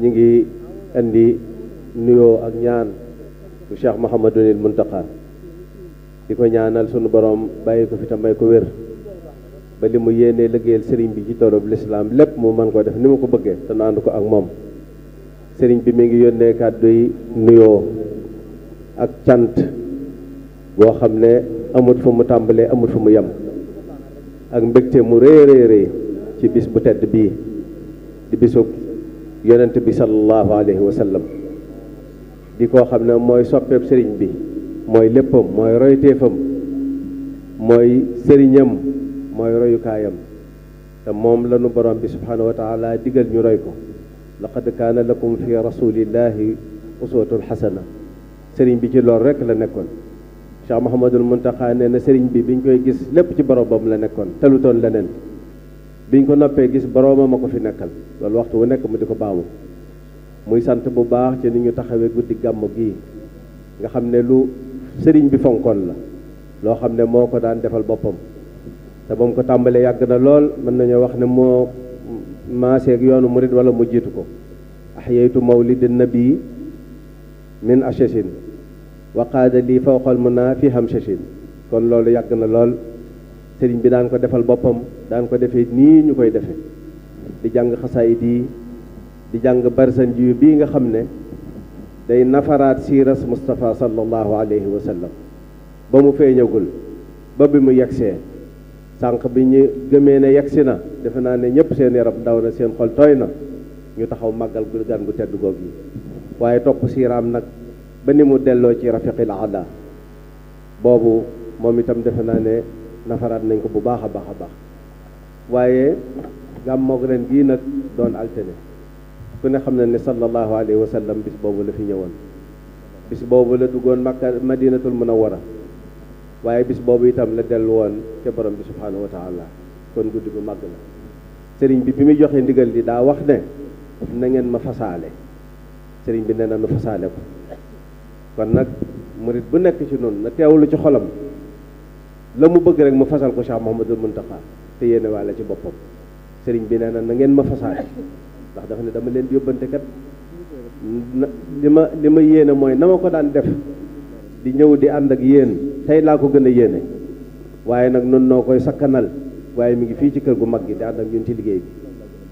ñu ngi indi nuyoo ak ñaan bu Cheikh Mouhamadunil Muntaqa di ko ñaanal sunu borom bàyyi ko fi tam may ko wér ba li mu yéenee liggéeyal sëriñ bi ci toolub lislaam lépp mu mën ko def ni ma ko bëggee te ànd ko ak moom sëriñ bi mi ngi yónnee kàddu yi nuyoo ak cant boo xam ne amut fu mu tàmbalee amut fu mu yem ak mbégte mu rëy rëy rëy ci bis bu tedd bii di bisu yonent bi sallallahu alayhi wa sallam di koo xam ne mooy soppeeb sëriñ bi mooy léppam mooy royteefam mooy sëriñam mooy royukaayam te moom lanu borom bi subhanahu wa taala digal ñu roy ko laqad kaana lakum fi rasulillahi uswatun xasana sëriñ bi ci loolu rek la nekkoon Cheikh Mouhamadul Muntaxa nee na sëriñ bi biñ koy gis lépp ci borobam la nekkoon telutoon leneen biñ ko noppee gis boroomam a ko fi nekkal loolu waxtu wu nekk mu di ko baamu muy sant bu baax ci ni ñu taxawee guddi gàmmu gi nga xam ne lu sëriñ bi fonkoon la loo xam ne moo ko daan defal boppam te ba ko tàmbalee yàgg na lool mën nañoo wax ne moo maaseeg yoonu murid walla mu jiitu ko ahyaytu mawlidi nabii min ashashin wa qaada lii fawqal munaa fi hamshashin kon loolu yàgg na lool sëriñ bi daan ko defal boppam daan ko defee nii ñu koy defe di jàng xasaayid di di jàng barsan ji bii nga xam ne day nafaraat siiras Moustapha sallallahu alayhi wa sallam ba mu feeñagul ba bi mu yegsee sànq bi ñu gëmee ne yegsi na defe naa ne ñëpp seen yaram daw na seen xol tooy na ñu taxaw màggal gu gan gu tedd googu yi waaye topp siiraam nag ba ni mu delloo ci rafiqil aada boobu moom itam defe naa ne nafaraat nañ ko bu baax a baax a baax waaye gàmmoog ren gii nag doon altine ku ne xam na ne sallallahu alayhi wa sallam bis boobu la fi ñëwoon bis boobu la duggoon makka madinatul munawwara waaye bis boobu itam la dellu woon ca borom bi subhaanahu wa kon guddi gu màgg la sëriñ bi bi muy joxe ndigal li daa wax ne na ngeen ma fasaale sëriñ bi ne na nu fasaale ko kon nag murit bu nekk ci noonu na teewlu ci xolam la mu bëgg rek ma fasal ko Cheikh Mouhamadul Mountakha te yéene waale ci boppam sëriñ bi nee na na ngeen ma fasaale ndax dafa ne dama leen di yóbbante kat li ma li ma yéene mooy na ko daan def di ñëw di ànd ak yéen tey laa ko gën a yéene waaye nag noonu noo koy sakkanal waaye mi ngi fii ci kër gu mag gi di ànd ak ñun ci liggéey bi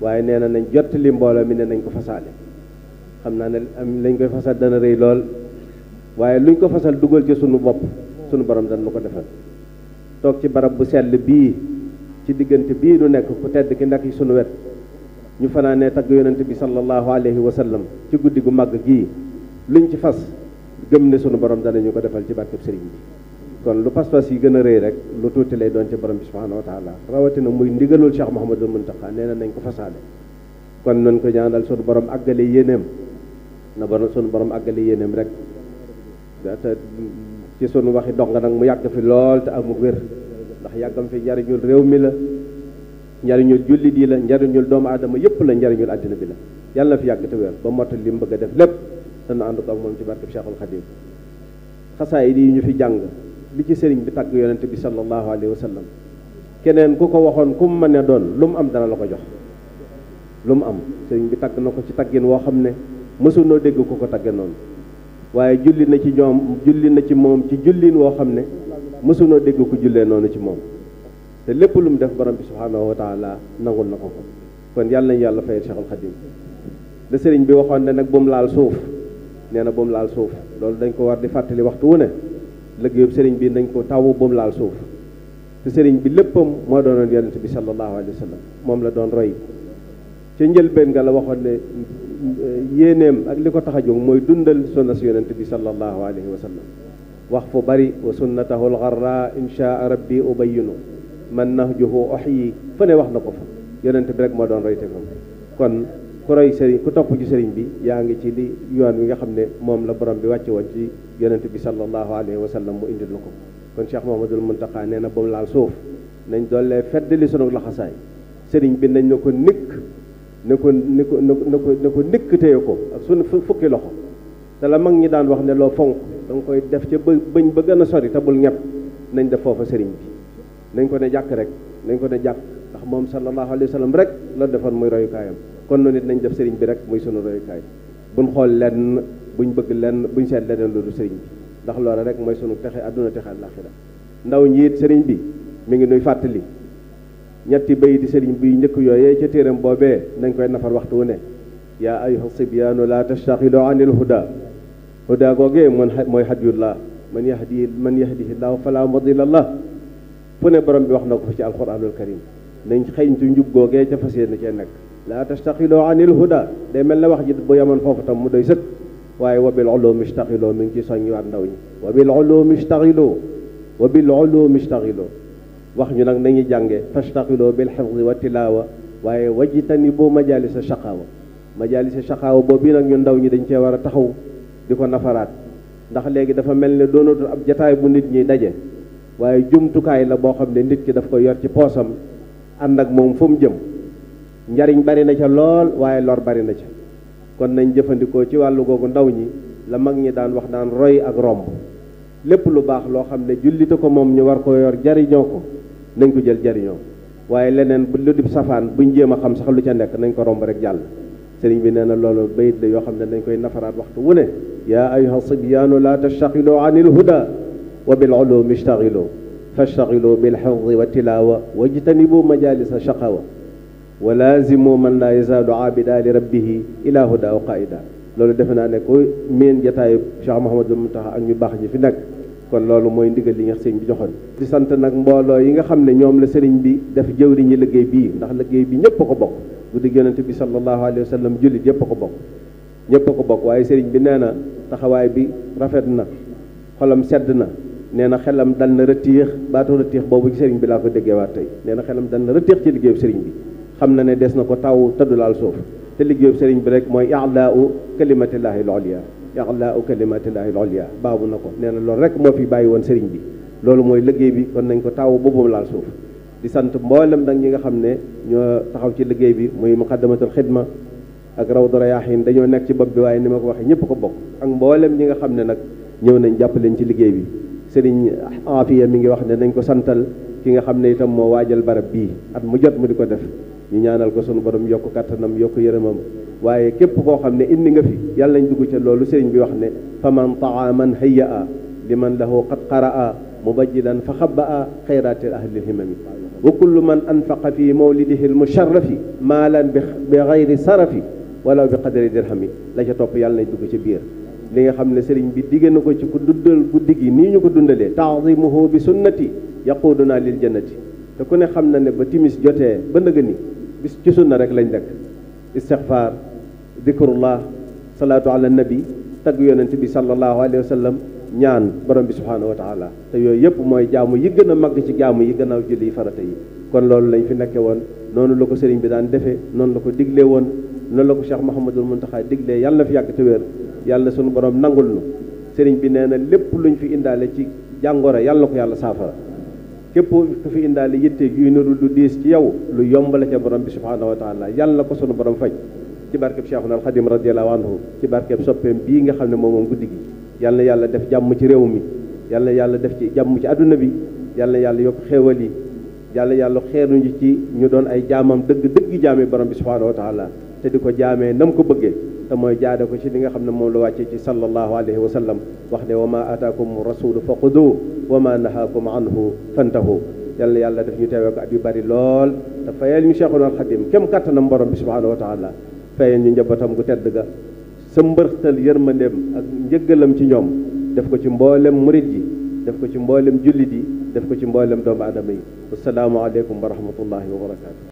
waaye nee na nañ jot li mbooloo mi ne nañ ko fasaale xam naa ne am lañ koy fasal dana rëy lool waaye luñ ko fasal dugal ci sunu bopp sunu borom dan ma ko defal tok ci barab bu sel bi ci diggante bi nu nekk ku tedd ki yi sunu wet ñu fanaanee tag yonent bi sallallahu alayhi wa sallam ci guddi gu luñ ci fas gëm ne sunu borom ñu ko defal ci sëriñ bi kon lu pas-pas yi gëna reey rek lu tuti lay doon ci borom bi subhanahu wa taala na muy ndigalul cheikh mohammed muntaha nee nañ ko fasaale kon nañ ko ñaanal sunu borom na borom sunu borom rek ta ci sunu waxi dong nag mu yàgg fi lool te amul wér ndax yàggam fi njariñul réew mi la njariñul jullit yi la njariñul doomu aadama yëpp la njariñul àddina bi la yàlla na fi yàgg te wér ba mottali li mu bëgg a def lépp dana ànd ko ak moom ci barkeb Cheikhul Khadim xasaayid yi ñu fi jàng li ci sëriñ bi tàgg yonente bi sallallahu alayhi wa sallam keneen ku ko waxoon ku mu mën ne doon lu mu am dana la ko jox lu mu am sëriñ bi tàgg na ko ci tàggin woo xam ne mësunoo dégg ku ko tàgge noonu waaye julli na ci ñoom julli na ci moom ci julliin woo xam ne mësunoo dégg ko jullee noonu ci moom te lépp lu mu def borom bi subhaanahu wa taala nangul na ko ko kon yàlla nañu yàlla fayal Cheikhul Khadim la sëriñ bi waxoon ne nag bu laal suuf nee na bu laal suuf loolu dañ ko war di fàttali waxtu wu ne liggéeyub sëriñ bi dañ ko taw bu laal suuf te sëriñ bi léppam moo doonoon yonent bi sallallahu alayhi wa sallam moom la doon roy ca njëlbeen nga la waxoon ne yéeneem ak li ko tax a jóg mooy dundal sunna si yonent bi sallallahu alayhi wa sallam wax fu bari wa sunnatahu algarra inchaa rabbi ubayinu man nahjuhu oxyi fu ne wax na ko fa yonent bi rek moo doon roy tefam kon ku roy sëriñ ku topp ci sëriñ bi yaa ngi ci li yoon wi nga xam ne moom la borom bi wàcce woon ci yonent bi sallallahu alayhi wa sallam mu indil ko kon Cheikh Mouhamadoul Mountakha nee na ba mu laal suuf nañ doole feddali sunu laxasaay sëriñ bi nañ na ko nikk ne ko ne ko ne ko ne ko nëkkatee ko ak sunu fukki loxo te la mag ñi daan wax ne loo fonk da koy def ca ba bëñ bëgg na a sori te bul nañ def foofa sëriñ bi nañ ko ne jàkk rek nañ ko ne jàkk ndax moom sallallahu alayhi wa sallam rek la defoon muy royukaayam kon noonu it nañ def sëriñ bi rek muy sunu royukaay buñ xool lenn buñ bëgg lenn buñ seet leneen loolu sëriñ bi ndax loola rek mooy sunu texe àdduna texe àllaaxira ndaw ñi sëriñ bi mi ngi nuy fàttali ñetti bay di sëriñ bi njëkk yooyee ca téeram boobee nañ koy nafar waxtu wu ne yaa ayuha sibyaanu laa tastaxilu an il huda huda googee man mooy hadiyullah man yahdi man yahdihillahu fala mudilla lah fu ne borom bi wax na ko fa ci alquranul karim nañ xëyñtu njub googee ca fas yéene cee nekk laa tastaxiloo anil huda day mel na wax ji bu yemoon foofu tam mu doy sëkk waaye wabil ulum istaxiloo mi ngi ci soññi waat ndaw ñi wabil ulum istaxiloo wabil ulum istaxiloo wax ñu nag nañuy jànge fastaxiloo bil xifdi wa tilaawa waaye wajtanibu majalisa shaqaawa majalisa shaqaawa boobu nag ñu ndaw ñi dañ cee war a taxaw di ko nafaraat ndax léegi dafa mel ne doonatul ab jataay bu nit ñi daje waaye jumtukaay la boo xam ne nit ki daf ko yor ci poosam ànd ak moom fu mu jëm njariñ bari na ca lool waaye lor bari na ca kon nañ jëfandikoo ci wàll googu ndaw ñi la mag ñi daan wax daan roy ak romb lépp lu baax loo xam ne jullite ko moom ñu war ko yor jariñoo ko nañ ko jël jariñoo waaye leneen bu lu dib safaan buñ jéem a xam sax lu ca nekk nañ ko romb rek jàll sëriñ bi nee na loolu bayit la yoo xam ne dañ koy nafaraat waxtu wu ne yaa ayuha sibyaanu laa tastaxilu an il huda wa bil ulumi ishtaxilu fashtaxilu bil xifdi wa tilaawa wajtanibu majalisa shaqawa wa laazimu man laa yazaalu aabida li rabbihi ila huda wa qaida loolu defe naa ne ko meen jataayu Cheikh Mouhamadul Muntaxa ak ñu baax ñi fi nekk kon loolu mooy ndigal li nga sëriñ bi joxoon di sant nag mbooloo yi nga xam ne ñoom la sëriñ bi def jëwri ñi liggéey bii ndax liggéey bi ñëpp a ko bokk guddi yonent bi sallallahu alayhi wasallam jullit yëpp ko bokk ñëpp ko bokk waaye sëriñ bi nee na taxawaay bi rafet na xolam sedd na nee na xelam dal na rëttiix baatu rëttiix boobu ci sëriñ bi laa ko déggee waat tey nee na xelam dal na rëttiix ci liggéeyu sëriñ bi xam na ne des na ko taw tëddulaal suuf te liggéeyu sëriñ bi rek mooy i'laa kalimatillahi al-ulya yàlla u kalimatillahi al-ulya baabu na ko nee na loolu rek moo fi bàyyi woon sëriñ bi loolu mooy liggéey bi kon nañ ko taawu boobu laal suuf di sant mboolem nag ñi nga xam ne ñoo taxaw ci liggéey bi muy muqaddamatul xidma ak rawdu rayaahin dañoo nekk ci bopp bi waaye ni ma ko waxee ñëpp ko bokk ak mboolem ñi nga xam ne nag ñëw nañ jàpp leen ci liggéey bi sëriñ Afiya mi ngi wax ne nañ ko santal ki nga xam ne itam moo waajal barab bii at mu jot mu di ko def ñu ñaanal ko sunu borom yokk kattanam yokk yërëmam waaye képp koo xam ne indi nga fi yàlla nañ dugg ca loolu sëriñ bi wax ne fa man taaman haya a li man lahu qad qaraa mubajjilan fa xaba a xayraati ahli lhimami wa kullu man anfaqa fi mawlidihi lmusharrafi maalan bi xayri sarafi walaw bi qadri dirhami la ca topp yàlla nañ ca biir li nga xam ne sëriñ bi digg na ko ci ku duddal guddi nii ñu ko dundalee taadimuhu bi sunnati yaquuduna lil jannati te ku ne xam na ne ba timis jotee ba ndëgg ni bis ci sunna rek lañ nekk istixfaar dikrullah salaatu ala nabi tagg yonent bi sallallahu alayhi wa sallam ñaan borom bi subhaanahu wa te yooyu yëpp mooy jaamu yi gën a mag ci jaamu yi gannaaw julli farata yi kon loolu lañ fi nekke woon noonu la ko sëriñ bi daan defee noonu la ko diglee woon noonu la ko Cheikh Mouhamadul Mountakha diglee yàlla na fi yàgg te wér yàlla suñu borom nangul nu seriñ bi nee na lépp luñ fi indaale ci jàngoro yàlla ko yàlla saafara képp ku fi indaale yitte yuy niru lu diis ci yow lu yomb la ca borom bi subhaanahu wa taala yàlla ko sunu borom faj ci barkeb Cheikhuna al Khadim radiyallahu anhu ci barkeb soppeem bii nga xam ne moom moom guddi gi yal na yàlla def jàmm ci réew mi yal na yàlla def ci jàmm ci àdduna bi yal na yàlla yokk xéewal yi yal na yàlla ci ñu doon ay jaamam dëgg dëgg jaame borom bi subhaanahu wa taala te di ko nam ko bëggee te mooy jaade ko ci li nga xam ne moom la ci sallallahu alayhi wa sallam wax ne wa ma ataakum rasulu fa xudu wa ma nahaakum anhu fantahu yal na yàlla def ñu teewee ko at yu bari lool te fayal ñu Cheikhuna al Khadim kem kattanam borom bi subhaanahu wa taala faye ñu njabootam gu tedd ga sa mbërtal yërmandeem ak njëggalam ci ñoom def ko ci mboolem murit yi def ko ci mboolem jullit yi def ko ci mboolem doomu aadama yi wasalaamu aleykum wa rahmatullahi wa barakaatu